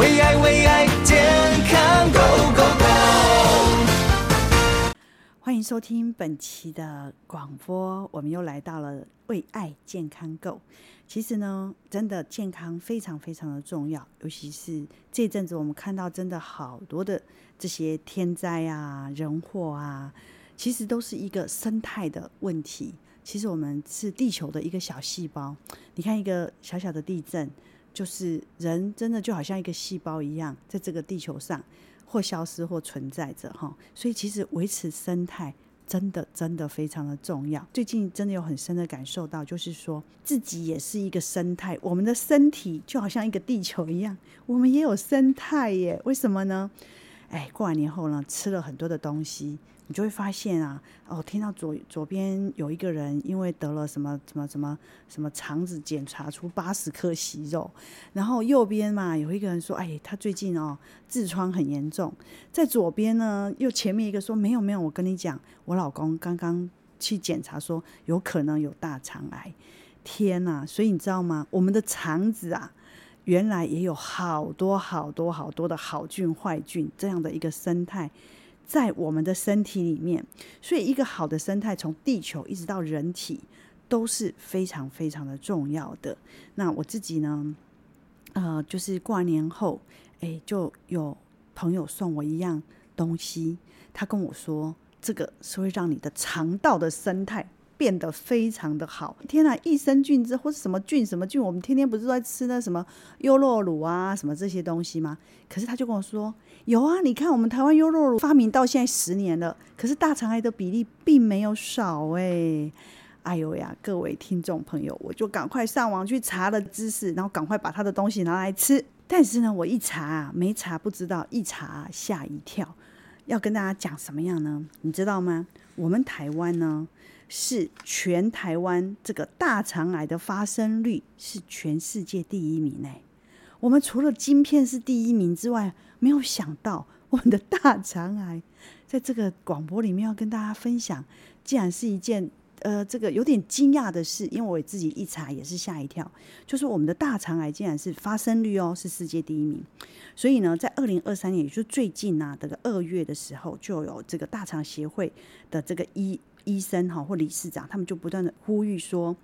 為愛，為愛，健康，Go Go Go！歡迎收聽本期的廣播，我們又來到了為愛健康 Go。其實呢，真的健康非常非常的重要，尤其是這陣子，我們看到真的好多的這些天災啊、人禍啊，其實都是一個生態的問題。其實我們是地球的一個小細胞，你看一個小小的地震。就是人真的就好像一個細胞一樣，在這個地球上或消失或存在着哈，所以其實維持生態真的真的非常的重要。最近真的有很深的感受到，就是說自己也是一個生態，我們的身體就好像一個地球一樣，我們也有生態耶？為什麼呢？哎，過完年後呢，吃了很多的東西。你就會發現啊，哦，聽到左左邊有一個人因為得了什麼什麼什麼什麼腸子檢查出八十顆息肉，然後右邊嘛有一個人說，哎，他最近哦痔瘡很嚴重，在左邊呢又前面一個說沒有沒有，我跟你講，我老公剛剛去檢查說有可能有大腸癌，天吶，啊，所以你知道嗎？我們的腸子啊，原來也有好多好多好多的好菌壞菌這樣的一個生態。在我們的身體裡面，所以一個好的生態，從地球一直到人體，都是非常非常的重要的。那我自己呢，呃，就是過完年後，哎、欸，就有朋友送我一樣東西，他跟我說，這個是會讓你的腸道的生態變得非常的好。天哪，益生菌之或是什麼菌什麼菌，我們天天不是在吃那什麼優酪乳啊，什麼這些東西嗎？可是他就跟我說。有啊，你看我們台灣優酪乳發明到現在十年了，可是大腸癌的比例並沒有少哎。哎呦呀，各位聽眾朋友，我就趕快上網去查了知識，然後趕快把他的東西拿來吃。但是呢，我一查啊，沒查不知道，一查嚇一跳。要跟大家講什麼樣呢？你知道嗎？我們台灣呢，是全台灣這個大腸癌的發生率是全世界第一名嘞。我們除了晶片是第一名之外，沒有想到，我們的大腸癌在這個廣播裡面要跟大家分享，竟然是一件呃這個有點驚訝的事，因為我自己一查也是嚇一跳，就是我們的大腸癌竟然是發生率哦是世界第一名，所以呢，在二零二三年也就最近啊這個二月的時候，就有這個大腸協會的這個醫醫生哈、哦、或理事長，他們就不斷的呼籲說，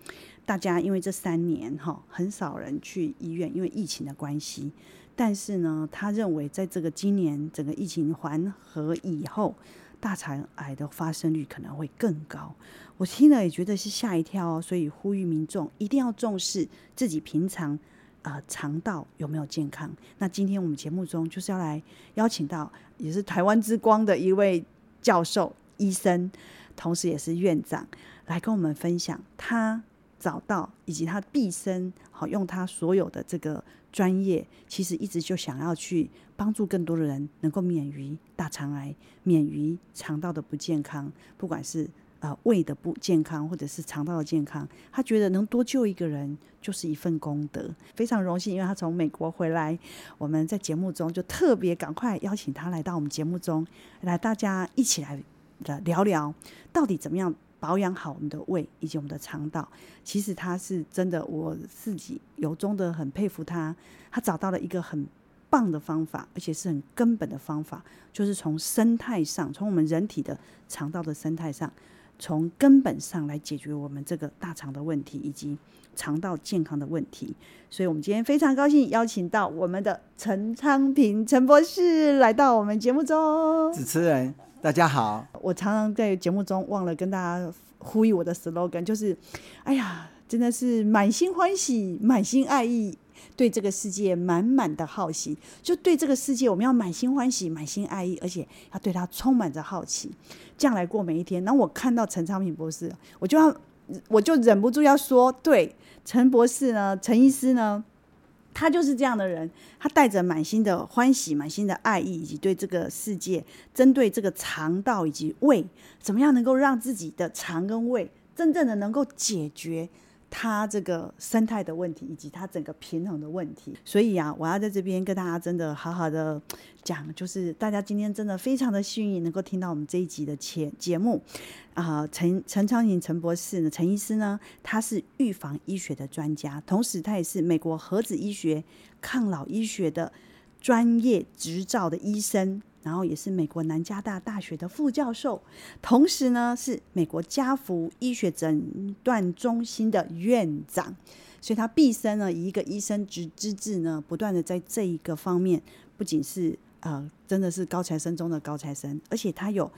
大家因為這三年哈、哦、很少人去醫院，因為疫情的關係。但是呢，他認為在這個今年整個疫情緩和以後，大腸癌的發生率可能會更高。我聽了也覺得是嚇一跳哦，所以呼籲民眾一定要重視自己平常啊腸道有沒有健康。那今天我們節目中就是要來邀請到也是台灣之光的一位教授、醫生，同時也是院長，來跟我們分享他。找到以及他畢生好用他所有的這個專業，其實一直就想要去幫助更多的人，能夠免於大腸癌，免於腸道的不健康，不管是呃胃的不健康或者是腸道的健康，他覺得能多救一個人就是一份功德。非常榮幸，因為他從美國回來，我們在節目中就特別趕快邀請他來到我們節目中來，大家一起來聊聊到底怎麼樣，保養好我們的胃以及我們的腸道，其實他是真的，我自己由衷的很佩服他。他找到了一個很棒的方法，而且是很根本的方法，就是從生態上，從我們人體的腸道的生態上，從根本上來解決我們這個大腸的問題以及腸道健康的問題。所以，我們今天非常高興邀請到我們的陳昌平陳博士來到我們節目中，主持人。大家好，我常常在節目中忘了跟大家呼籲我的 slogan，就是，哎呀，真的是滿心歡喜、滿心愛意，對這個世界滿滿的好奇。就對這個世界，我們要滿心歡喜、滿心愛意，而且要對它充滿着好奇，這樣來過每一天。那我看到陳昌平博士，我就要，我就忍不住要說，對，陳博士呢，陳醫師呢。他就是這樣的人，他帶着滿心的歡喜、滿心的愛意，以及對這個世界，針對這個腸道以及胃，怎麼樣能夠讓自己的腸跟胃真正的能夠解決。它這個生態的問題，以及它整個平衡的問題，所以啊，我要在這邊跟大家真的好好的講，就是大家今天真的非常的幸運，能夠聽到我們這一集的節節目啊。陳、呃、陳昌穎陳博士呢，陳醫師呢，他是預防醫學的專家，同時他也是美國核子醫學抗老醫學的專業執照的醫生。然後也是美國南加大大學的副教授，同時呢是美國加福醫學診斷中心的院長，所以他畢生呢以一個醫生之資質呢，不斷的在這一個方面，不僅是呃真的是高材生中的高材生，而且他有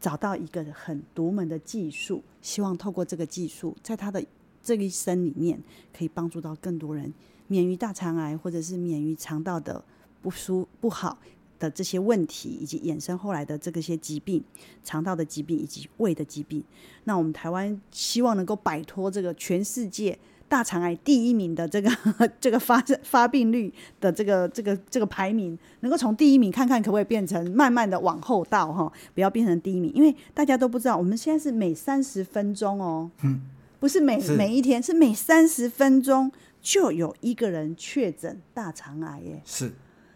找到一個很獨門的技術，希望透過這個技術，在他的這一生裡面，可以幫助到更多人免於大腸癌，或者是免於腸道的不舒不好的這些問題，以及衍生後來的這個些疾病，腸道的疾病以及胃的疾病，那我們台灣希望能夠擺脫這個全世界大腸癌第一名的這個呵呵這個發發病率的這個這個、這個、這個排名，能夠從第一名看看可不可以變成慢慢的往後倒哈、哦，不要變成第一名，因為大家都不知道我們現在是每三十分鐘哦，嗯，不是每是每一天，是每三十分鐘就有一個人確診大腸癌耶，是。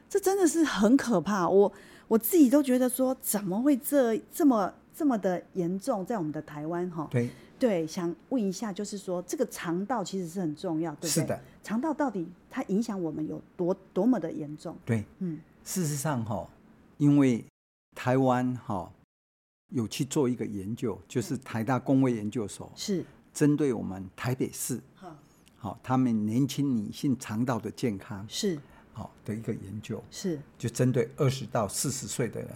這真的是很可怕，我我自己都覺得說，怎麼會這這麼這麼的嚴重，在我們的台灣哈，對對。想問一下，就是說這個腸道其實是很重要，對，對，是的。腸道到底它影響我們有多多麼的嚴重？對，嗯，事實上哈，因為台灣哈有去做一個研究，就是台大公衛研究所是針對我們台北市好，好他們年輕女性腸道的健康是。好，的一個研究是就針對二十到四十歲的人。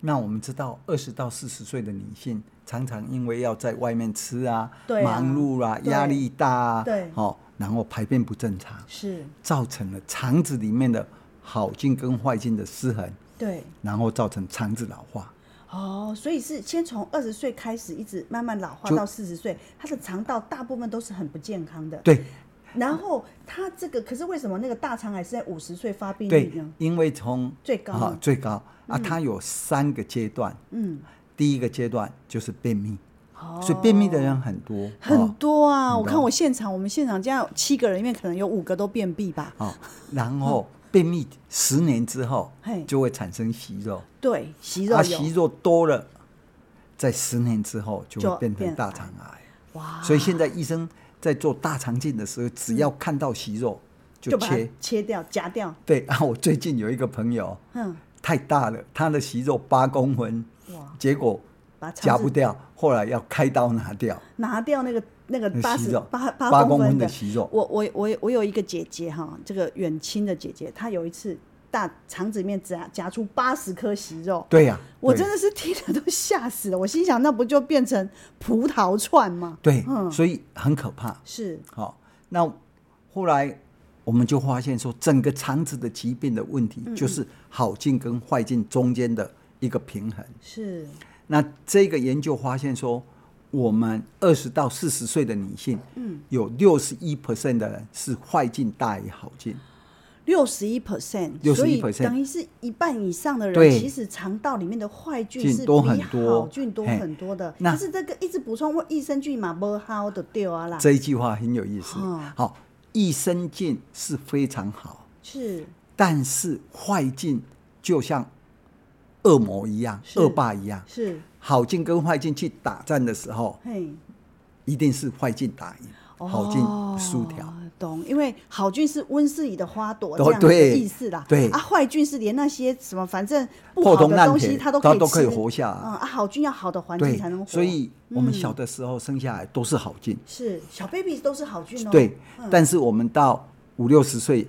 那我們知道，二十到四十歲的女性常常因為要在外面吃啊，對啊，忙碌啊、壓力大啊，對，哦，然後排便不正常，是造成了腸子裡面的好菌跟壞菌的失衡，對，然後造成腸子老化。哦，所以是先從二十歲開始，一直慢慢老化到四十歲，他的腸道大部分都是很不健康的，對。然後他這個，可是為什麼那個大腸癌是在五十歲發病率呢？對，因為從最高、啊、最高、嗯、啊，它有三個階段。嗯，第一個階段就是便秘，嗯，所以便秘的人很多、哦、很多啊、哦。我看我現場，我們現場這樣七個人裡面，可能有五個都便秘吧。然後便秘十年之後就會產生息肉。對，息肉。他、啊、息肉多了，在十年之後就會變成大腸癌，癌。哇！所以現在醫生。在做大腸鏡的時候，只要看到息肉，嗯、就切切掉夾掉。對，然、啊、後我最近有一個朋友，嗯，太大了，他的息肉八公分，嗯、結果夾不掉，後來要開刀拿掉，拿掉那個那個八八公分的息肉。我我我我有一個姐姐哈，這個遠親的姐姐，她有一次。大腸子裡面夾夾出八十顆息肉，對呀、啊，我真的是聽了都嚇死了。我心想，那不就變成葡萄串嗎？對，嗯，所以很可怕。是，好、哦，那後來我們就發現說，整個腸子的疾病的問題，就是好菌跟壞菌中間的一個平衡。是、嗯嗯，那這個研究發現說，我們二十到四十歲的女性，嗯，有六十一 percent 的人是壞菌大於好菌。六十一 percent，所以等於是一半以上的人，其實腸道裡面的壞菌是比好菌多很多的。但是這個一直補充益生菌嘛，不好啊。這一句話很有意思。哦、好，益生菌是非常好，是，但是壞菌就像惡魔一樣、惡霸一樣，是。好菌跟壞菌去打仗的時候，一定是壞菌打贏，好菌輸掉。哦因為好菌是溫室裡的花朵，這樣子意思啦。對啊，壞菌是連那些什麼，反正不好的東西他可以，它都都可以活下、啊。嗯啊，好菌要好的環境才能活。所以我們小的時候生下來都是好菌，嗯、是小 baby 都是好菌哦。對，嗯、但是我們到五六十歲、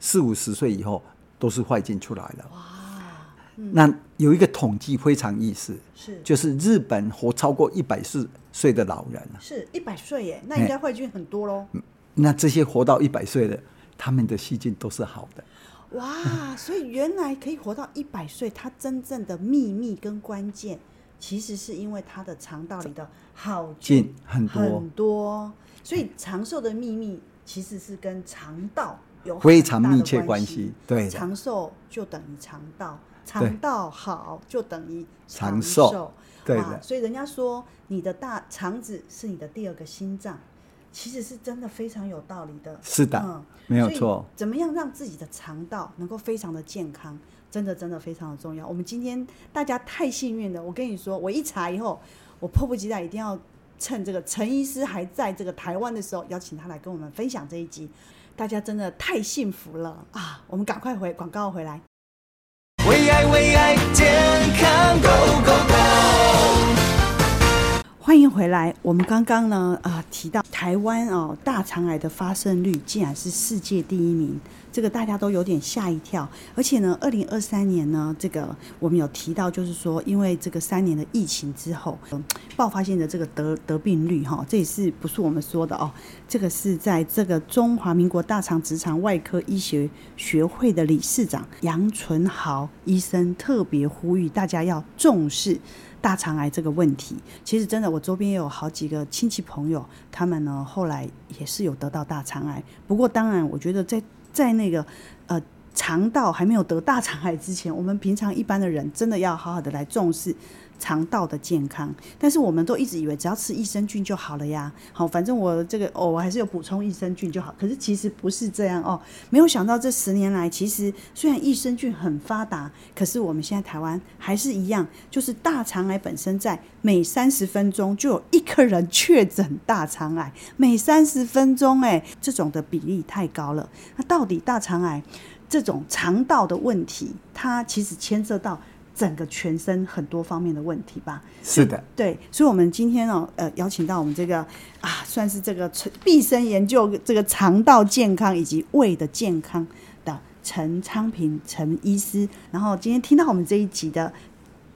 四五十歲以後，都是壞菌出來了。哇、嗯，那有一個統計非常意思，是就是日本活超過一百四歲的老人，是一百歲耶，那應該壞菌很多嘍。嗯那這些活到一百歲的，他們的細菌都是好的。哇，所以原來可以活到一百歲，它真正的秘密跟關鍵，其實是因為它的腸道裡的好菌很多。所以長壽的秘密其實是跟腸道有關非常密切關係。對，長壽就等於腸道，腸道好就等於長壽。對，對、啊、所以人家說，你的大腸子是你的第二個心臟。其實是真的非常有道理的，是的，沒有錯。嗯，怎麼樣讓自己的腸道能夠非常的健康，真的真的非常的重要。我們今天大家太幸運了，我跟你說，我一查以後，我迫不及待一定要趁這個陳醫師還在這個台灣的時候，邀請他來跟我們分享這一集。大家真的太幸福了啊！我們趕快回廣告回來。為愛為愛健康 Go, Go, Go. 歡迎回來。我們剛剛呢，啊，提到台灣哦，大腸癌的發生率竟然是世界第一名。這個大家都有點嚇一跳，而且呢，二零二三年呢，這個我們有提到，就是說，因為這個三年的疫情之後、呃、爆發性的這個得得病率哈、哦，這也是不是我們說的哦，這個是在這個中華民國大腸直腸外科醫學學，學會的理事長楊純豪醫生特別呼籲大家要重視大腸癌這個問題。其實真的，我周邊也有好幾個親戚朋友，他們呢後來也是有得到大腸癌，不過當然，我覺得在在那個，呃，腸道還沒有得大腸癌之前，我們平常一般的人真的要好好的來重視腸道的健康，但是我們都一直以為只要吃益生菌就好了呀！好，反正我這個哦，我還是有補充益生菌就好。可是其實不是這樣哦。沒有想到這十年來，其實雖然益生菌很發達，可是我們現在台灣還是一樣，就是大腸癌本身在每三十分鐘就有一個人確診大腸癌，每三十分鐘哎、欸，這種的比例太高了。那到底大腸癌這種腸道的問題，它其實牽涉到。整個全身很多方面的問題吧。是的，對，所以，我們今天哦，呃，邀請到我們這個啊，算是這個畢生研究這個腸道健康以及胃的健康的陳昌平陳醫師。然後，今天聽到我們這一集的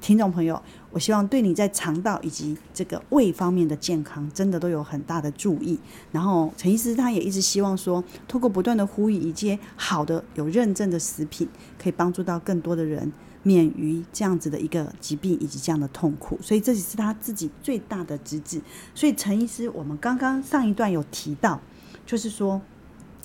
聽眾朋友，我希望對你在腸道以及這個胃方面的健康，真的都有很大的注意。然後，陳醫師他也一直希望說，透過不斷的呼籲一些好的有認證的食品，可以幫助到更多的人。免於這樣子的一個疾病以及這樣的痛苦，所以這是他自己最大的職志。所以陳醫師，我們剛剛上一段有提到，就是說，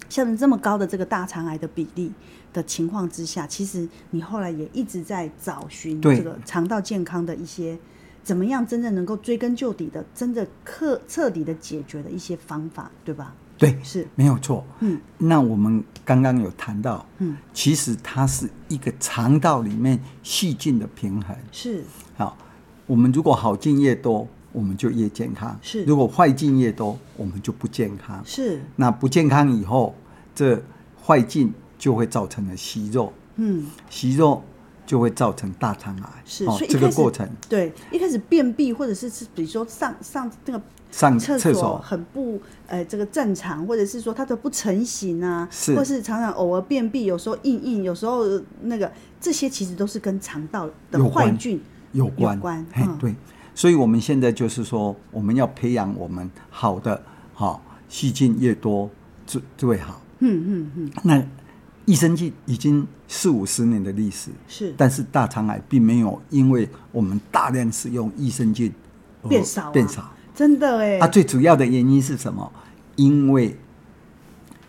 像這麼高的這個大腸癌的比例的情況之下，其實你後來也一直在找尋這個腸道健康的一些，怎麼樣真正能夠追根究底的，真的徹徹底底的解決的一些方法，對吧？對，是沒有錯。嗯，那我們剛剛有談到，嗯，其實它是一個腸道裡面細菌的平衡。是。好、哦，我們如果好菌越多，我們就越健康。是。如果壞菌越多，我們就不健康。是。那不健康以後，這壞菌就會造成了息肉。嗯。息肉就會造成大腸癌。是、哦。所以這個過程。對，一開始便秘，或者是是，比如說上上那個。上廁所很不呃這個正常，或者是說它的不成型啊，是，或是常常偶爾便秘，有時候硬硬，有時候那個，這些其實都是跟腸道的壞菌有關，有關。哎、嗯，對，所以我們現在就是說，我們要培養我們好的好，哦、細菌越多最最好。嗯嗯嗯。那益生菌已經四五十年的歷史，是，但是大腸癌並沒有因為我們大量使用益生菌變少變少。變少啊真的哎，他、啊、最主要的原因是什麼？因為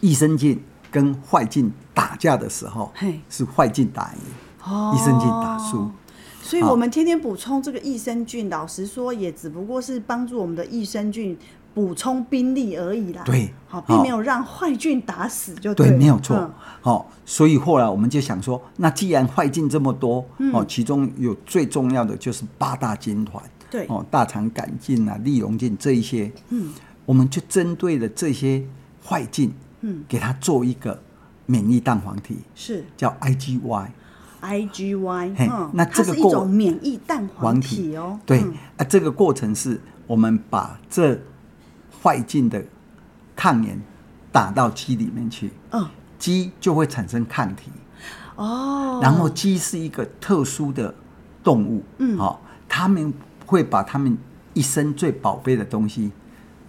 益生菌跟壞菌打架的時候，是壞菌打贏、哦，益生菌打輸，所以我們天天補充這個益生菌，老實說，也只不過是幫助我們的益生菌補充兵力而已啦。對，好，並沒有讓壞菌打死就對了。對，沒有錯。好、嗯，所以後來我們就想說，那既然壞菌這麼多，哦，其中有最重要的就是八大軍團。對哦，大腸桿菌啊、利溶菌這一些，嗯，我們就針對了這些壞菌，嗯，給它做一個免疫蛋黃體，是、嗯、叫 I G Y，I G Y，嘿、哦，那這個過是一種免疫蛋黃體,黃體哦。對、嗯，啊，這個過程是，我們把這壞菌的抗原打到雞裡面去，嗯，雞就會產生抗體，哦，然後雞是一個特殊的動物，嗯，好、哦，它們。會把他們一生最寶貝的東西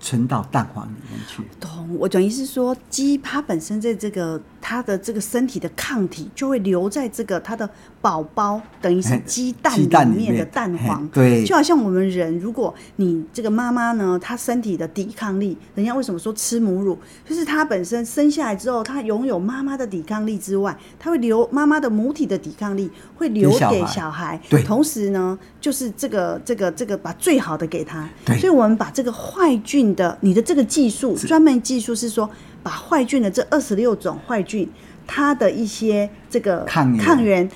存到蛋黃裡面去。懂，我轉意是說，雞它本身在這個。他的這個身體的抗體就會留在這個他的寶寶，等於是雞蛋裡面的蛋黃，欸雞蛋裡面欸，對，就好像我們人，如果你這個媽媽呢，她身體的抵抗力，人家為什麼說吃母乳，就是她本身生下來之後，她擁有媽媽的抵抗力之外，她會留媽媽的母體的抵抗力會留給小孩，小孩對，同時呢，就是這個這個這個把最好的給他，對，所以我們把這個壞菌的你的這個技術，專門技術是說。把壞菌的這二十六種壞菌，它的一些這個抗抗原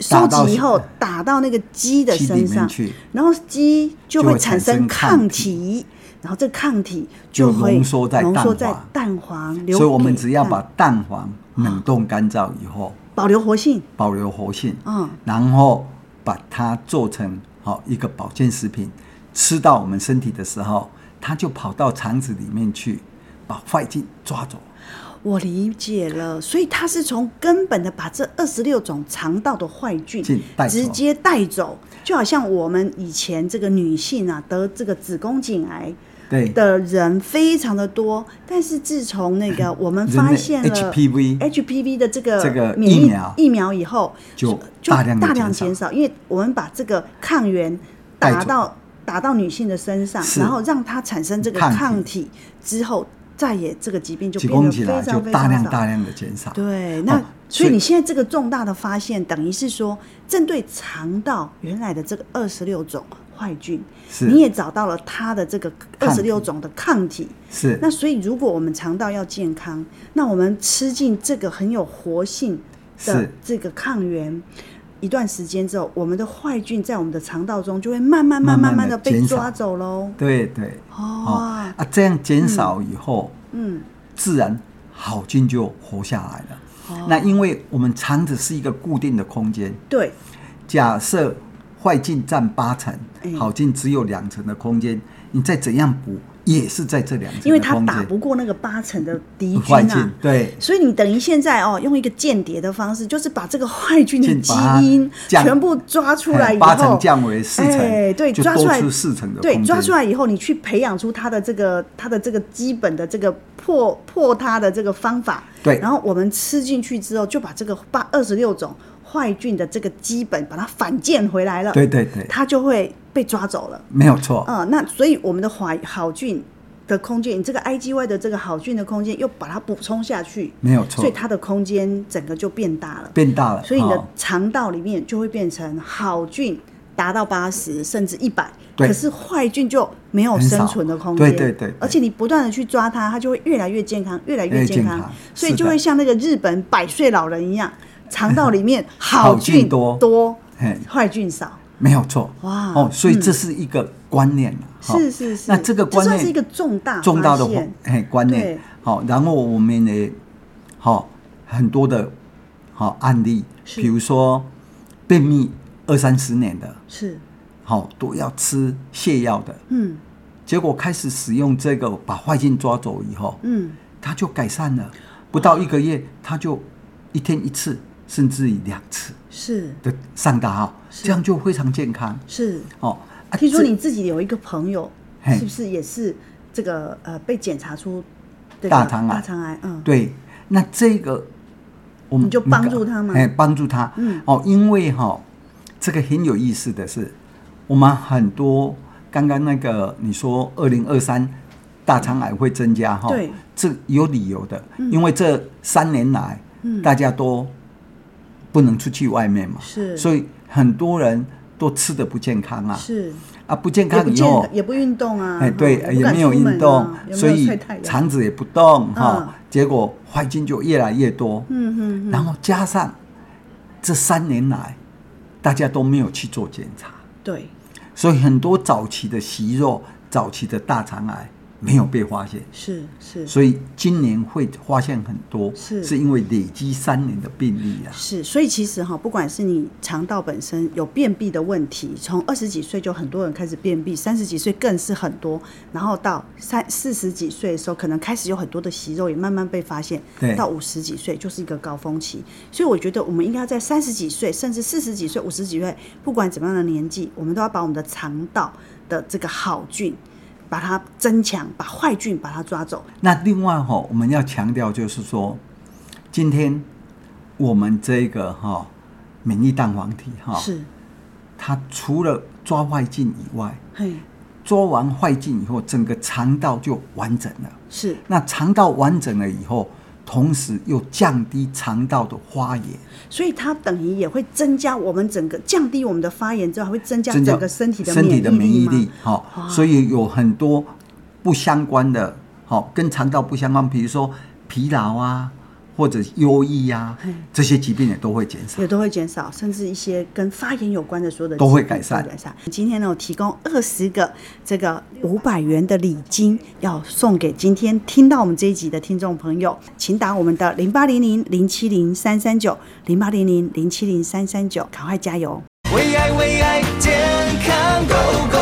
收集以後，打到那個雞的身上，然後雞就會產生抗體，然後這抗體就會濃縮在蛋黃，所以我們只要把蛋黃冷凍乾燥以後，保留活性，保留活性，嗯，然後把它做成好一個保健食品，吃到我們身體的時候，它就跑到腸子裡面去。把壞菌抓走，我理解了。所以他是從根本的把這二十六種腸道的壞菌直接帶走，就好像我們以前這個女性啊得這個子宮頸癌對的人非常的多，但是自從那個我們發現了 HPV HPV 的這個這個疫苗疫苗以後，就就大量大量減少，因為我們把這個抗原打到打到女性的身上，然後讓她產生這個抗體之後。再也這個疾病就變得非常非常少，大量大量的減少。對，那、嗯、所以你現在這個重大的發現，等於是說，針對腸道原來的這個二十六種壞菌，是，你也找到了它的這個二十六種的抗體。抗體，是。那所以如果我們腸道要健康，那我們吃進這個很有活性的這個抗原。一段時間之後，我們的壞菌在我們的腸道中就會慢慢、慢慢、慢慢的被抓走嘍。對對，哦啊，啊，這樣減少以後，嗯，嗯，自然好菌就活下來了。哦。那因為我們腸子是一個固定的空間，對，假設壞菌占八成，好菌只有兩成的空間，嗯，你再怎樣補？也是在這兩個，因為他打不過那個八成的敵軍啊，對，所以你等於現在哦、喔，用一個間諜的方式，就是把這個壞菌的基因全部抓出來以後，八成降為四成，哎，對，抓出來四成的，對，抓出來以後，你去培養出它的這個它的這個基本的這個破破它的這個方法，對，然後我們吃進去之後，就把這個八二十六種。壞菌的這個基本把它反建回來了，對對對，它就會被抓走了，沒有錯。嗯，那所以我們的壞好菌的空間，你這個 I G Y 的這個好菌的空間又把它補充下去，沒有錯。所以它的空間整個就變大了，變大了。所以你的腸道裡面就會變成好菌達到八十甚至一百，對。可是壞菌就沒有生存的空間，對，對對對。而且你不斷的去抓它，它就會越來越健康，越來越健康。健康健康所以就會像那個日本百歲老人一樣。腸道裡面好菌多、嗯、好菌多，壞菌少，沒有錯。哇哦，所以這是一個觀念了、嗯哦，是是是。那這個觀念算是一個重大重大的、嗯、觀念。好、哦，然後我們呢，好、哦、很多的，好、哦、案例，比如說便秘二三十年的，是好、哦、都要吃瀉藥的，嗯，結果開始使用這個把壞菌抓走以後，嗯，它就改善了、哦，不到一個月，它就一天一次。甚至於兩次，是的，上大號是，這樣就非常健康。是哦、喔啊，聽說你自己有一個朋友，是不是也是這個呃被檢查出大腸癌？大腸癌，嗯，對。那這個我們就幫助他嘛，哎、欸，幫助他。嗯，哦、喔，因為哈、喔，這個很有意思的是，我們很多剛剛那個你說二零二三大腸癌會增加哈、喔，對，這有理由的、嗯，因為這三年來大家都、嗯。不能出去外面嘛，是，所以很多人都吃的不健康啊，是，啊不健康以後，後也，也不運動啊，哎、欸、對，也，也沒有運動，啊、所以腸子也不動哈、啊，結果壞菌就越來越多，嗯嗯，然後加上這三年來大家都沒有去做檢查，對、嗯，所以很多早期的息肉，早期的大腸癌。沒有被發現，是是，所以今年會發現很多，是是因為累積三年的病例啊。是，所以其實哈、哦，不管是你腸道本身有便秘的問題，從二十幾歲就很多人開始便秘，三十幾歲更是很多，然後到三四十幾歲的時候，可能開始有很多的息肉也慢慢被發現，對，到五十幾歲就是一個高峰期。所以我覺得我們應該要在三十幾歲，甚至四十幾歲、五十幾歲，不管怎麼樣的年紀，我們都要把我們的腸道的這個好菌。把它增強，把壞菌把它抓走。那另外吼，我們要強調就是說，今天我們這個吼，免疫蛋黃體吼，是它除了抓壞菌以外，嘿，抓完壞菌以後，整個腸道就完整了。是，那腸道完整了以後。同時又降低腸道的發炎，所以它等於也會增加我們整個降低我們的發炎之後，還會增加整個身體的身體的免疫力。好，所以有很多不相關的，好跟腸道不相關，比如說疲勞啊。或者憂鬱呀，這些疾病也都會減少，也都會減少，甚至一些跟發炎有關的所有的都會改善。改善。今天呢，我提供二十個這個五百元的禮金，要送給今天聽到我們這一集的聽眾朋友，請打我們的零八零零零七零三三九零八零零零七零三三九，趕快加油。為愛為愛健康 Go Go。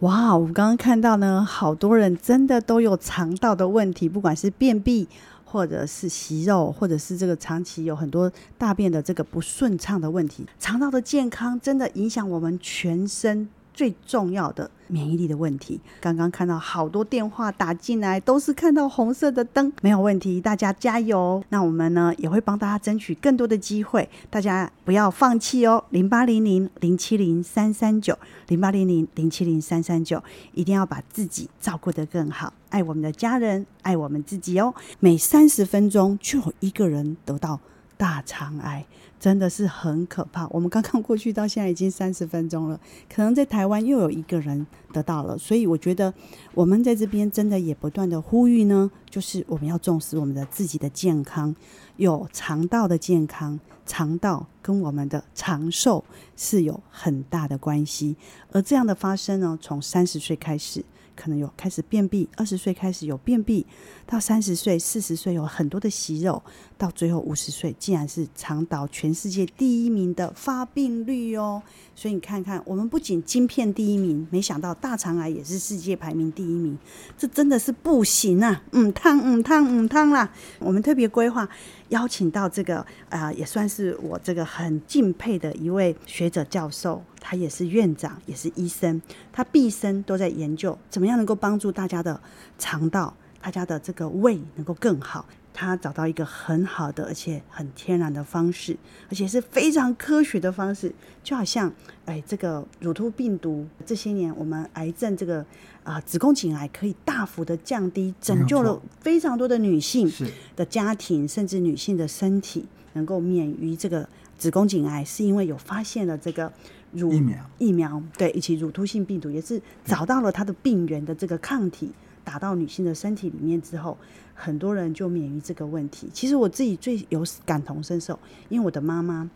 哇、wow，我剛剛看到呢，好多人真的都有腸道的問題，不管是便秘，或者是息肉，或者是這個長期有很多大便的這個不順暢的問題，腸道的健康真的影響我們全身。最重要的免疫力的問題，剛剛看到好多電話打進來，都是看到紅色的燈，沒有問題，大家加油。那我們呢也會幫大家爭取更多的機會，大家不要放棄哦。零八零零零七零三三九，零八零零零七零三三九，一定要把自己照顧得更好，愛我們的家人，愛我們自己哦。每三十分鐘就有一個人得到。大腸癌真的是很可怕。我們剛剛過去到現在已經三十分鐘了，可能在台灣又有一個人得到了。所以我覺得我們在這邊真的也不斷的呼籲呢，就是我們要重視我們的自己的健康，有腸道的健康，腸道跟我們的長壽是有很大的關係。而這樣的發生呢，從三十歲開始。可能有開始便秘，二十歲開始有便秘，到三十歲、四十歲有很多的息肉，到最後五十歲竟然是腸道全世界第一名的發病率哦。所以你看看，我們不僅晶片第一名，沒想到大腸癌也是世界排名第一名，這真的是不行啊！嗯燙嗯燙嗯燙啦，我們特別規劃邀請到這個啊，呃，也算是我這個很敬佩的一位學者教授。他也是院長，也是醫生，他畢生都在研究怎麼樣能夠幫助大家的腸道，大家的這個胃能夠更好。他找到一個很好的而且很天然的方式，而且是非常科學的方式。就好像，哎，這個乳突病毒這些年，我們癌症這個啊、呃、子宮頸癌可以大幅的降低，拯救了非常多的女性的家庭，甚至女性的身體能夠免於這個子宮頸癌，是因為有發現了這個。疫苗，疫苗對以及乳突性病毒也是找到了它的病原的這個抗體，打到女性的身體裡面之後，很多人就免於這個問題。其實我自己最有感同身受，因為我的媽媽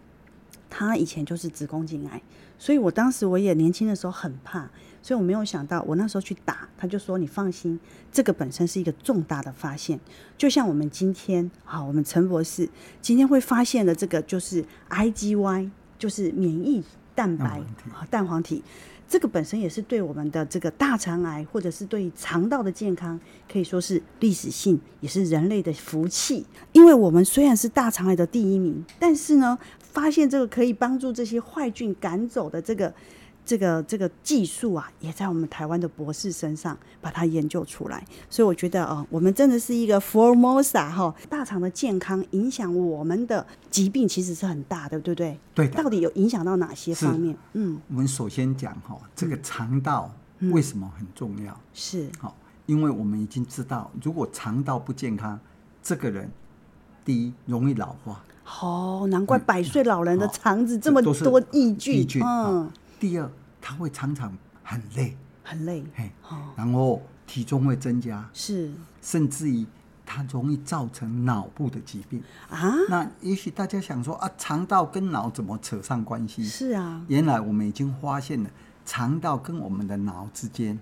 她以前就是子宮頸癌，所以我當時我也年輕的時候很怕，所以我沒有想到我那時候去打，她就說你放心，這個本身是一個重大的發現，就像我們今天好，我們陳博士今天會發現的這個就是 IgY，就是免疫。蛋白和蛋、蛋黃體，這個本身也是對我們的這個大腸癌，或者是對腸道的健康，可以說是歷史性，也是人類的福氣。因為我們雖然是大腸癌的第一名，但是呢，發現這個可以幫助這些壞菌趕走的這個。這個這個技術啊，也在我們台灣的博士身上把它研究出來，所以我覺得啊、哦，我們真的是一個 Formosa 哈、哦，大腸的健康影響我們的疾病其實是很大的，對不對？對。到底有影響到哪些方面？嗯，我們首先講哈，這個腸道為什麼很重要？嗯、是。好，因為我們已經知道，如果腸道不健康，這個人第一容易老化。好、哦，難怪百歲老人的腸子這麼多益菌。嗯。哦第二，他會常常很累，很累、哦，然後體重會增加，是，甚至於它容易造成腦部的疾病啊。那也許大家想說啊，腸道跟腦怎麼扯上關係？是啊，原來我們已經發現了腸道跟我們的腦之間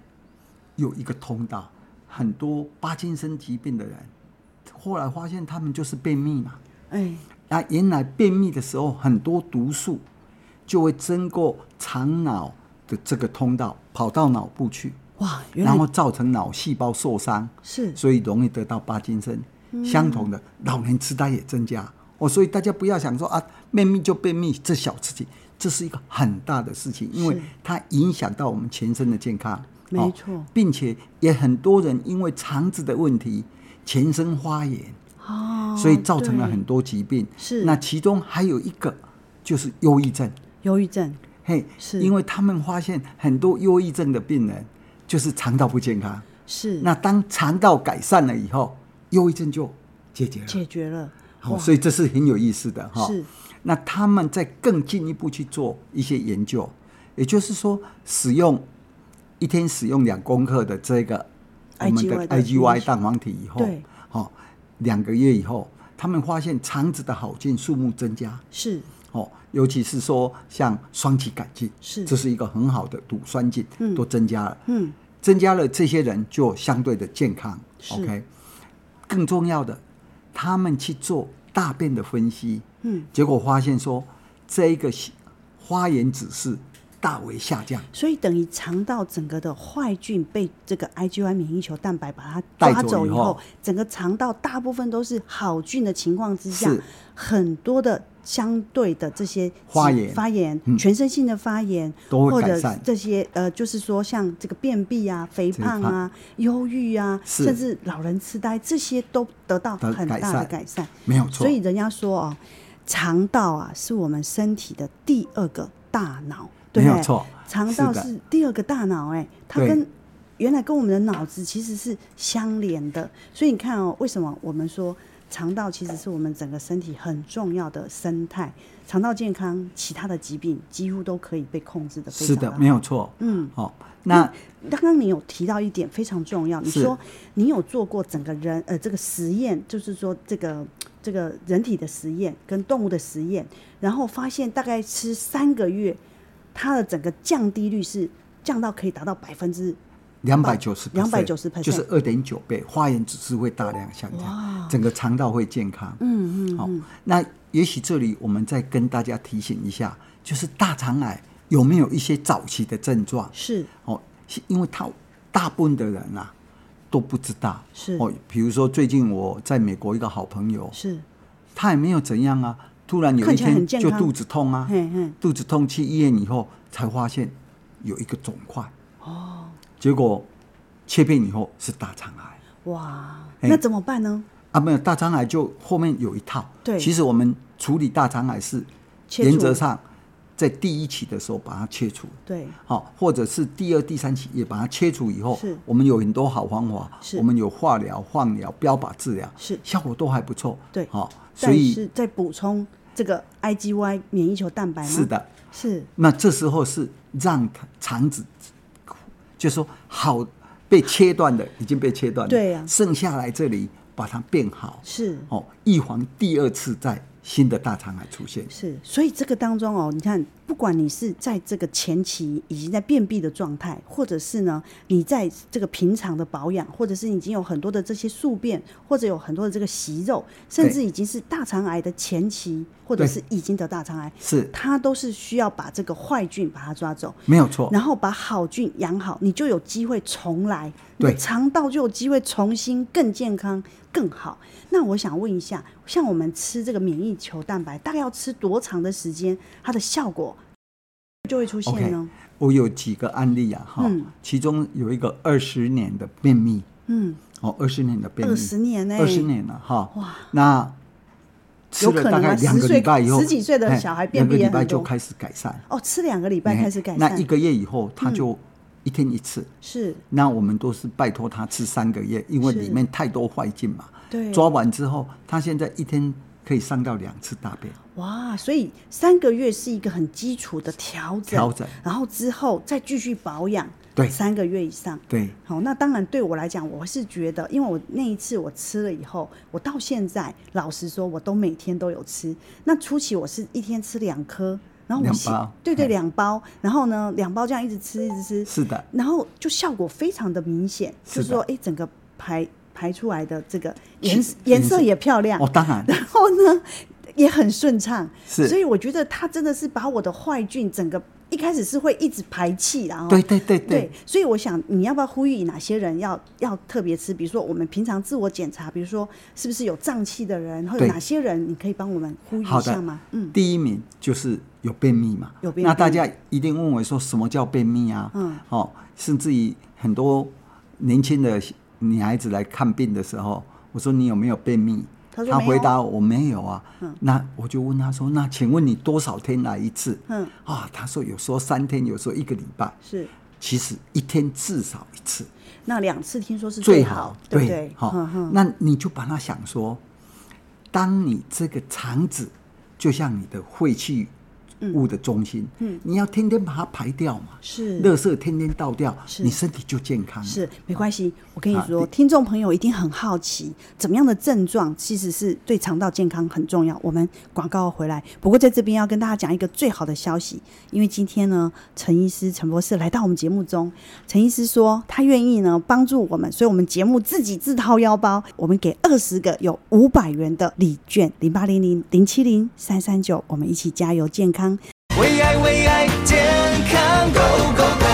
有一個通道。很多帕金森疾病的人，後來發現他們就是便秘嘛，哎，那、啊、原來便秘的時候，很多毒素就會經過。腸腦的這個通道跑到腦部去哇，然後造成腦細胞受傷，是，所以容易得到帕金森相同，的老年痴呆也增加哦，所以大家不要想說啊便秘，就便秘，這小事情，這是一個很大的事情，因為它影響到我們全身的健康，沒錯、哦，並且也很多人因為腸子的問題，全身發炎、哦、所以造成了很多疾病，是。那其中還有一個就是憂鬱症，憂鬱症。嘿，是因為他們發現很多憂鬱症的病人就是腸道不健康。是，那當腸道改善了以後，憂鬱症就解決了。解決了，好，哦，所以這是很有意思的哈。是，哦，那他們再更進一步去做一些研究，也就是說，使用一天使用兩公克的這個我們的 IGY 蛋黃體以後，對，哦，兩個月以後，他們發現腸子的好菌數目增加。是。尤其是說像雙歧桿菌，是，這是一個很好的乳酸菌，嗯，都增加了，嗯，增加了這些人就相對的健康，OK。更重要的，他們去做大便的分析，嗯，結果發現說這一個花炎指數大為下降，所以等於腸道整個的壞菌被這個 IgY 免疫球蛋白把它抓走帶走以後，整個腸道大部分都是好菌的情況之下。很多的相對的這些發炎、發炎、全身性的發炎、嗯，或者這些呃，就是說像這個便秘啊、肥胖啊、胖憂鬱啊，甚至老人痴呆，這些都得到很大的改善。改善沒有錯。所以人家說哦，腸道啊是我們身體的第二個大腦，對，沒有錯。腸道是第二個大腦、欸，哎，它跟原來跟我們的腦子其實是相連的。所以你看哦，為什麼我們說？腸道其實是我們整個身體很重要的生態，腸道健康，其他的疾病幾乎都可以被控制的。是的，沒有錯。嗯，好、哦。那剛剛你，你有提到一點非常重要，你說你有做過整個人呃這個實驗，就是說這個這個人體的實驗跟動物的實驗，然後發現大概吃三個月，它的整個降低率是降到可以達到百分之。兩百九十，兩百九十就是二點九倍，發炎指數會大量下降，wow，整個腸道會健康。嗯嗯。好、嗯哦，那也許這裡我們再跟大家提醒一下，就是大腸癌有沒有一些早期的症狀？是哦，是因為他大部分的人啊都不知道。是哦，比如說最近我在美國一個好朋友，是，他也沒有怎樣啊，突然有一天就肚子痛啊，肚子痛去醫院以後才發現有一個腫塊。哦。結果切片以後是大腸癌，哇！那怎麼辦呢？欸、啊，沒有大腸癌就後面有一套。對，其實我們處理大腸癌是原則上在第一期的時候把它切除。對，好，或者是第二、第三期也把它切除以後，我們有很多好方法，是我們有化療、放療、標靶治療，是效果都還不錯。對，好，所以是在補充這個 IgY 免疫球蛋白嗎？是的，是。那這時候是讓腸子。就是說，好，被切斷的已經被切斷了，對呀、啊，剩下來這裡把它變好，是哦，預防第二次在新的大腸癌出現是，所以這個當中哦，你看。不管你是在這個前期已經在便秘的狀態，或者是呢，你在這個平常的保養，或者是已經有很多的這些宿便，或者有很多的這個息肉，甚至已經是大腸癌的前期，或者是已經得大腸癌，是它都是需要把這個壞菌把它抓走，沒有錯，然後把好菌養好，你就有機會重來，對你的腸道就有機會重新更健康更好。那我想問一下，像我們吃這個免疫球蛋白，大概要吃多長的時間，它的效果？就會出現 okay, 我有幾個案例啊，哈、嗯，其中有一個二十年的便秘，嗯，哦、喔，二十年的便秘，二十年、欸、年了哈，哇，那吃了大概兩個禮拜以後，十、啊、幾歲的小孩便秘兩個禮拜就開始改善，哦，吃兩個禮拜開始改善，那一個月以後他就一天一次、嗯，是，那我們都是拜托他吃三個月，因為裡面太多壞菌嘛，對，抓完之後他現在一天。可以上到兩次大便，哇！所以三個月是一個很基礎的調整，調整，然後之後再繼續保養，對，三個月以上，對。好，那當然對我來講，我是覺得，因為我那一次我吃了以後，我到現在老實說，我都每天都有吃。那初期我是一天吃兩顆，然後兩包，對對，兩包。然後呢，兩包這樣一直吃，一直吃，是的。然後就效果非常的明顯，是就是說，哎，整個排。排出來的這個顏顏色也漂亮哦，當然，然後呢也很順暢，是，所以我覺得它真的是把我的壞菌整個一開始是會一直排氣，然後對對對對，所以我想你要不要呼籲哪些人要要特別吃，比如說我們平常自我檢查，比如說是不是有脹氣的人，然後有哪些人你可以幫我們呼籲一下嗎？嗯，第一名就是有便秘嘛，有便秘，那大家一定問我說什麼叫便秘啊？嗯，哦，甚至於很多年輕的。女孩子來看病的時候，我說你有沒有便秘？她回答我，我沒有啊。嗯、那我就問她說：“那請問你多少天來一次？”嗯啊，她、哦、說有時候三天，有時候一個禮拜。是，其實一天至少一次。那兩次聽說是最好，最好對，對對。好，那你就把它想說，當你這個腸子就像你的晦氣。物的中心嗯，嗯，你要天天把它排掉嘛，是，垃圾天天倒掉，是，你身體就健康。是，沒關係、啊，我跟你說，啊、聽眾朋友一定很好奇，怎麼樣的症狀其實是對腸道健康很重要。我們廣告回來，不過在這邊要跟大家講一個最好的消息，因為今天呢，陳醫師、陳博士來到我們節目中，陳醫師說他願意呢幫助我們，所以我們節目自己自掏腰包，我們給二十個有五百元的禮券，零八零零零七零三三九，339, 我們一起加油健康。為愛，為愛，健康 Go Go Go。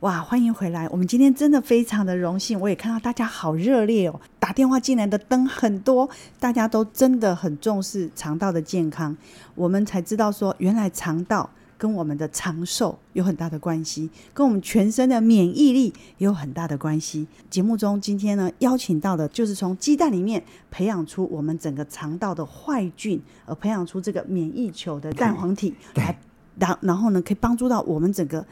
哇，歡迎回來！我們今天真的非常的榮幸，我也看到大家好熱烈哦，打電話進來的燈很多，大家都真的很重視腸道的健康。我們才知道說，原來腸道。跟我們的長壽有很大的關係，跟我們全身的免疫力也有很大的關係。節目中今天呢，邀請到的，就是從雞蛋裡面培養出我們整個腸道的壞菌，呃，培養出這個免疫球的蛋黃體來，然然後呢，可以幫助到我們整個啊、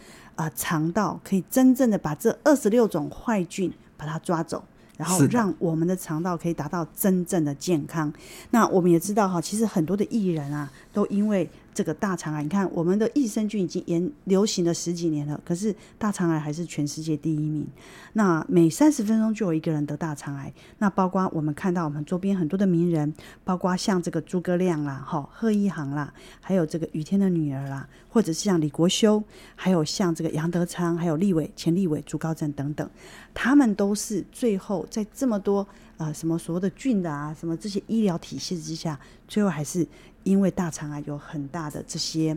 呃、腸道，可以真正的把這二十六種壞菌把它抓走。然後讓我們的腸道可以達到真正的健康。那我們也知道哈，其實很多的藝人啊，都因為這個大腸癌。你看，我們的益生菌已經流行了十幾年了，可是大腸癌還是全世界第一名。那每三十分鐘就有一個人得大腸癌。那包括我們看到我們周邊很多的名人，包括像這個豬哥亮啦、哈賀一航啦，還有這個余天的女兒啦，或者是像李國修，還有像這個楊德昌，還有立委、前立委朱高正等等，他們都是最後。在這麼多啊、呃、什麼所謂的菌的啊，什麼這些醫療體系之下，最後還是因為大腸癌、啊、有很大的這些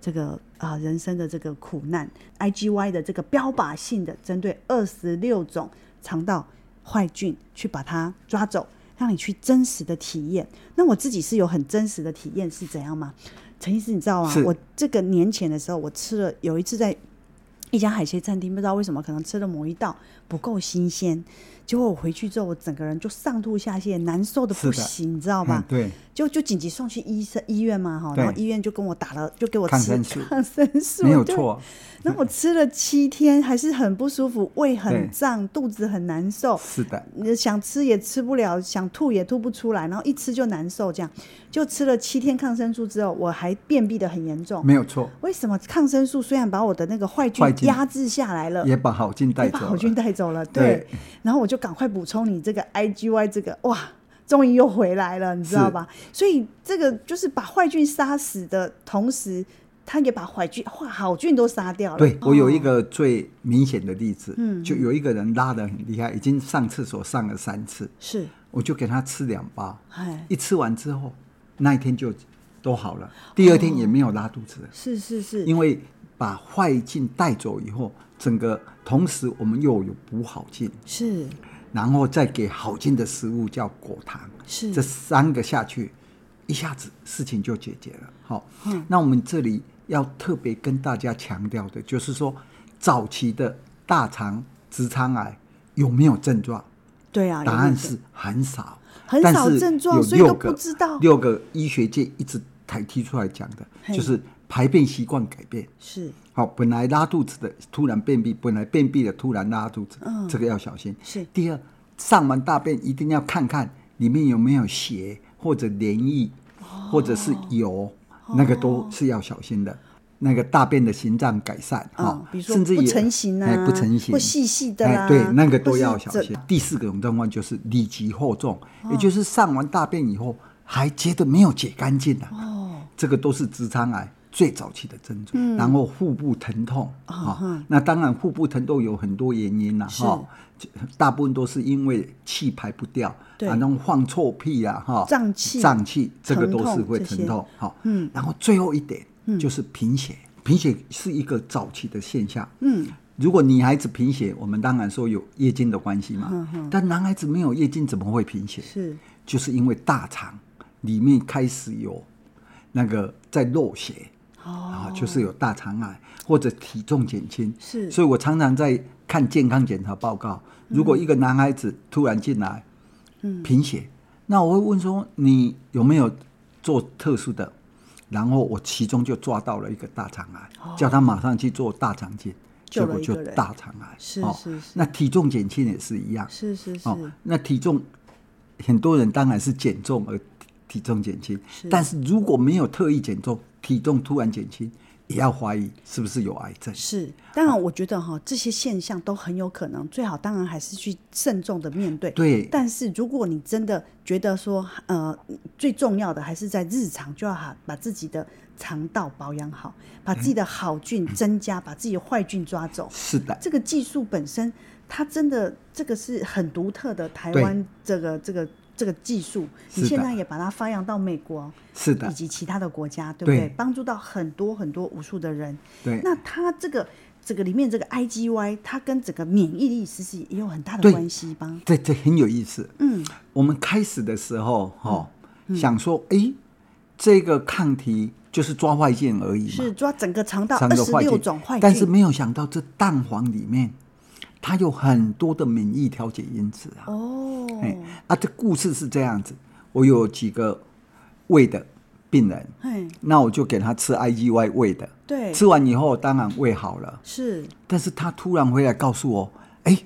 這個啊、呃、人生的這個苦難。IGY 的這個標靶性的，針對二十六種腸道壞菌去把它抓走，讓你去真實的體驗。那我自己是有很真實的體驗是怎樣嗎？陳醫師，你知道啊？我這個年前的時候，我吃了有一次在一家海鮮餐廳，不知道為什麼，可能吃的某一道不夠新鮮。結果我回去之後，我整個人就上吐下瀉，難受的不行，你知道吧？嗯、對，就就緊急送去醫生醫院嘛，哈，然後醫院就跟我打了，就給我吃抗生素，抗生素，沒有錯、啊。然後我吃了七天，還是很不舒服，胃很脹，肚子很難受。是的，想吃也吃不了，想吐也吐不出來，然後一吃就難受，這樣就吃了七天抗生素之後，我還便秘的很嚴重。沒有錯，為什麼抗生素雖然把我的那個壞菌壓制下來了，了，也把好菌帶走，把好菌帶走了。對，對。然後我就。趕快補充你這個 IGY 這個哇，終於又回來了，你知道吧？所以這個就是把壞菌殺死的同時，他也把壞菌、壞好菌都殺掉了。對，我有一個最明顯的例子、哦，就有一個人拉得很厲害，已經上廁所上了三次，是，我就給他吃兩包，一吃完之後，那一天就都好了，第二天也沒有拉肚子。哦、是是是，因為把壞菌帶走以後，整個同時我們又有補好菌，是。然後再給好菌的食物叫果糖，是這三個下去，一下子事情就解決了。好、哦嗯，那我們這裡要特別跟大家強調的，就是說早期的大腸直腸癌有沒有症狀？對啊，答案是很少，嗯、很少症狀但是有六個，所以都不知道。六個醫學界一直提出來講的，就是。排便習慣改變，是好、哦，本來拉肚子的突然便秘，本來便秘的突然拉肚子，嗯、這個要小心。是第二，上完大便一定要看看裡面有沒有血或者粘液，或者是油、哦，那個都是要小心的。哦，那個都是要小心的哦、那個大便的形狀改善啊，比如說甚至也、嗯、不成型、啊哎、不成型。不細細的、啊哎、對，那個都要小心。第四種狀況就是裡急後重、哦，也就是上完大便以後還覺得沒有解乾淨的，哦，這個都是直腸癌，最早期的症狀，嗯、然後腹部疼痛啊、哦哦，那當然腹部疼痛有很多原因了哈、哦，大部分都是因為氣排不掉，啊，那種放臭屁啊哈，脹、哦、氣，脹氣這個都是會疼痛，疼痛、哦嗯、然後最後一點就是貧血、嗯，貧血是一個早期的現象，嗯，如果女孩子貧血，我們當然說有月經的關係嘛、嗯嗯，但男孩子沒有月經怎麼會貧血？是，就是因為大腸裡面開始有那個在漏血。哦，就是有大腸癌或者體重減輕，是，所以我常常在看健康檢查報告、嗯。如果一個男孩子突然進來，嗯，貧血，那我會問說，你有沒有做特殊的？然後我其中就抓到了一個大腸癌、哦，叫他馬上去做大腸鏡，結果就大腸癌。是是是，哦、那體重減輕也是一樣，是是是，哦，那體重很多人當然是減重而。體重減輕，但是如果沒有特意減重，體重突然減輕，也要懷疑是不是有癌症。是，當然我覺得哈，這些現象都很有可能，最好當然還是去慎重的面對。對。但是如果你真的覺得說，呃，最重要的還是在日常就要哈把自己的腸道保養好，把自己的好菌增加，嗯，把自己的壞菌抓走。是的。這個技術本身，它真的這個是很獨特的，台灣這個這個。這個技術，你現在也把它發揚到美國，是的，以及其他的國家，對不對？對，幫助到很多很多無數的人。對，那它這個這個裡面這個 IgY，它跟整個免疫力其實際也有很大的關係吧？對，這很有意思。嗯，我們開始的時候，哈、哦嗯，想說，哎，這個抗體就是抓壞菌而已，是抓整個腸道二十六種壞菌，但是沒有想到這蛋黃裡面。他有很多的免疫調節因子啊！哦、oh.，哎，啊，這故事是這樣子：我有幾個胃的病人，嗯、hey.。那我就給他吃 IGY 胃的，對，吃完以後當然胃好了。是，但是他突然回來告訴我，哎，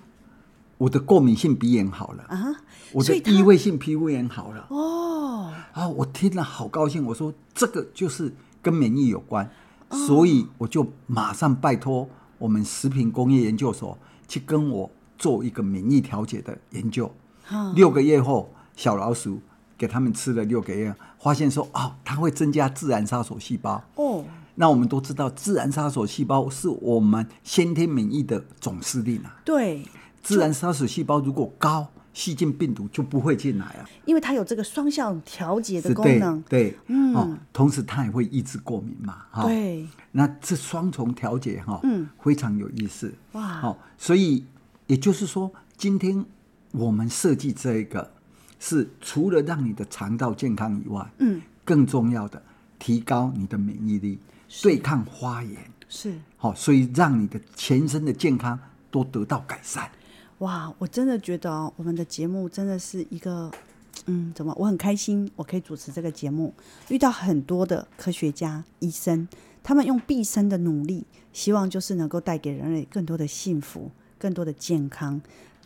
我的過敏性鼻炎好了啊、uh -huh.，我的異位性皮膚炎好了哦，oh. 啊，我聽了好高興，我說這個就是跟免疫有關，oh. 所以我就馬上拜托我們食品工業研究所。去跟我做一個免疫調節的研究。嗯，六個月後，小老鼠給他們吃了六個月，發現說哦，它會增加自然殺手細胞。哦，那我們都知道，自然殺手細胞是我們先天免疫的總司令啊。對，自然殺手細胞如果高。細菌病毒就不會進來啊，因為它有這個雙向調節的功能。對，對，嗯、哦，同時它也會抑制過敏嘛。哦、對，那這雙重調節哈、哦，嗯，非常有意思哇。好、哦，所以也就是說，今天我們設計這一個，是除了讓你的腸道健康以外，嗯，更重要的，提高你的免疫力，對抗發炎是。好、哦，所以讓你的全身的健康都得到改善。哇，我真的覺得我們的節目真的是一個，嗯，怎麼？我很開心，我可以主持這個節目，遇到很多的科學家、醫生，他們用畢生的努力，希望就是能夠帶給人類更多的幸福、更多的健康。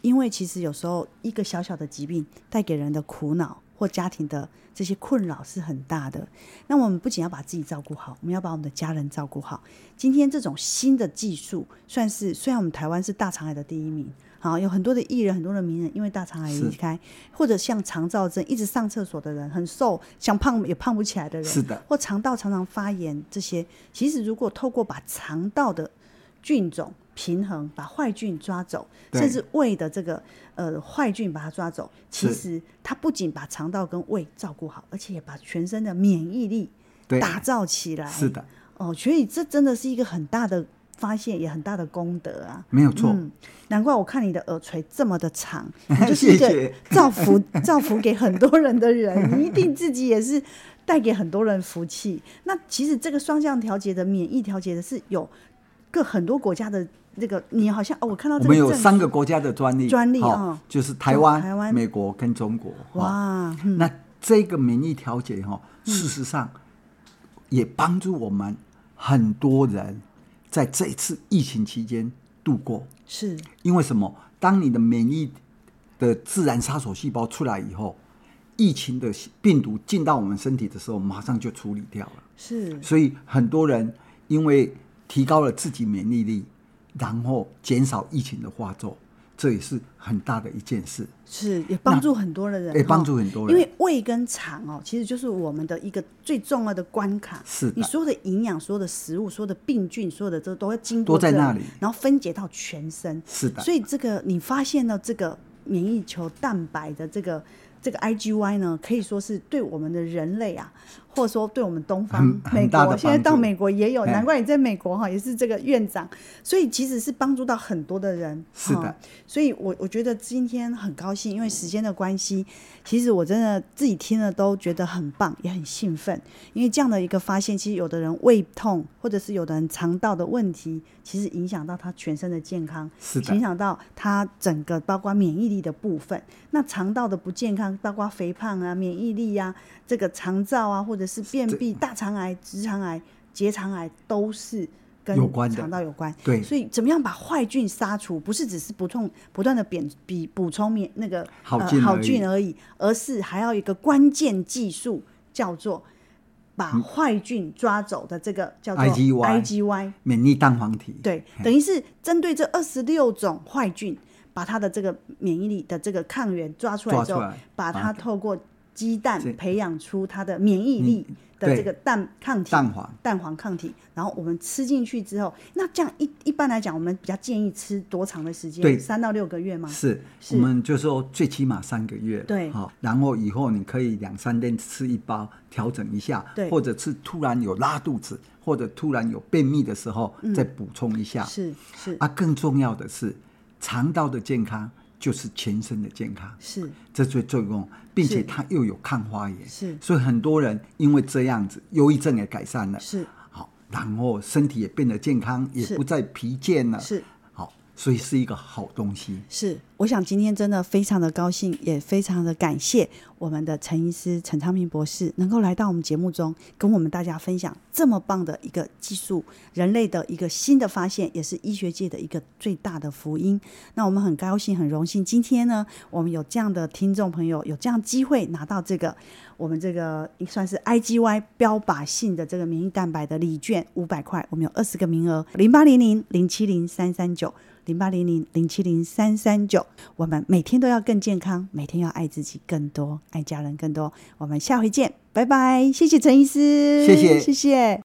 因為其實有時候一個小小的疾病，帶給人的苦惱或家庭的這些困擾是很大的。那我們不僅要把自己照顧好，我們要把我們的家人照顧好。今天這種新的技術，算是雖然我們台灣是大腸癌的第一名。好，有很多的藝人，很多的名人，因為大腸癌離開，或者像腸躁症，一直上廁所的人，很瘦，想胖也胖不起來的人，是的，或腸道常常發炎，這些，其實如果透過把腸道的菌種平衡，把壞菌抓走，甚至胃的這個呃壞菌把它抓走，其實它不僅把腸道跟胃照顧好，而且也把全身的免疫力打造起來，是的，哦，所以這真的是一個很大的。發現也很大的功德啊，沒有錯。嗯、難怪我看你的耳垂這麼的長，就是一個造福謝謝 造福給很多人的人，你一定自己也是帶給很多人福氣。那其實這個雙向調節的免疫調節的是有各很多國家的那、這個，你好像哦，我看到這個我們有三個國家的專利專利哦，就是台灣、台灣、美國跟中國。哇，哦嗯、那這個免疫調節哈、哦，事實上也幫助我們很多人，在這一次疫情期間度過，是因為什麼？當你的免疫的自然殺手細胞出來以後，疫情的病毒進到我們身體的時候，馬上就處理掉了。是，所以很多人因為提高了自己免疫力，然後減少疫情的發作。這也是很大的一件事，是也幫助很多的人，哦，也、欸、幫助很多人。因為胃跟腸哦，其實就是我們的一個最重要的關卡。是，你所有的營養、所有的食物、所有的病菌，所有的這都會經過、這個，都在那裡，然後分解到全身。是的，所以這個你發現了這個免疫球蛋白的這個這個 IgY 呢，可以說是對我們的人類啊。或者說，對我們東方美國，現在到美國也有，難怪你在美國哈也是這個院長，所以其實是幫助到很多的人。好，所以我我覺得今天很高興，因為時間的關係，其實我真的自己聽了都覺得很棒，也很興奮。因為這樣的一個發現，其實有的人胃痛，或者是有的人腸道的問題，其實影響到他全身的健康，影響到他整個包括免疫力的部分。那腸道的不健康，包括肥胖啊、免疫力呀、啊、這個腸躁啊，或是的是便祕、大腸癌、直腸癌、結腸癌都是跟腸道有關，有關，對，所以怎麼樣把壞菌殺除？不是只是補充不斷的貶比補充免那個好菌、呃、好菌而已，而是還要一個關鍵技術叫做把壞菌抓走的這個、嗯、叫做 IgY，IgY 免疫蛋黃體，對，等於是針對這二十六種壞菌，把它的這個免疫力的這個抗原抓出來之後，好把它透過。雞蛋培養出它的免疫力的這個蛋抗體，蛋黃蛋黃抗體。然後我們吃進去之後，那這樣一一般來講，我們比較建議吃多長的時間？對，三到六個月嗎？是，是，我們就說最起碼三個月。對，然後以後你可以兩三天吃一包，調整一下。對。或者是突然有拉肚子，或者突然有便秘的時候，嗯，再補充一下。是是。啊，更重要的是腸道的健康。就是全身的健康，是，這最最用，並且它又有抗發炎，是，所以很多人因為這樣子，憂鬱症也改善了，是，好，然後身體也變得健康，也不再疲倦了，是，好，所以是一個好東西，是。我想今天真的非常的高興，也非常的感謝我們的陳醫師陳昌平博士能夠來到我們節目中，跟我們大家分享這麼棒的一個技術，人類的一個新的發現，也是醫學界的一個最大的福音。那我們很高興，很榮幸，今天呢，我們有這樣的聽眾朋友，有這樣機會拿到這個我們這個也算是 I G Y 標靶性的這個免疫蛋白的禮券五百塊，我們有二十個名額，零八零零零七零三三九。零八零零零七零三三九，我們每天都要更健康，每天要愛自己更多，愛家人更多。我們下回見，拜拜！謝謝陳醫師，謝謝，謝謝。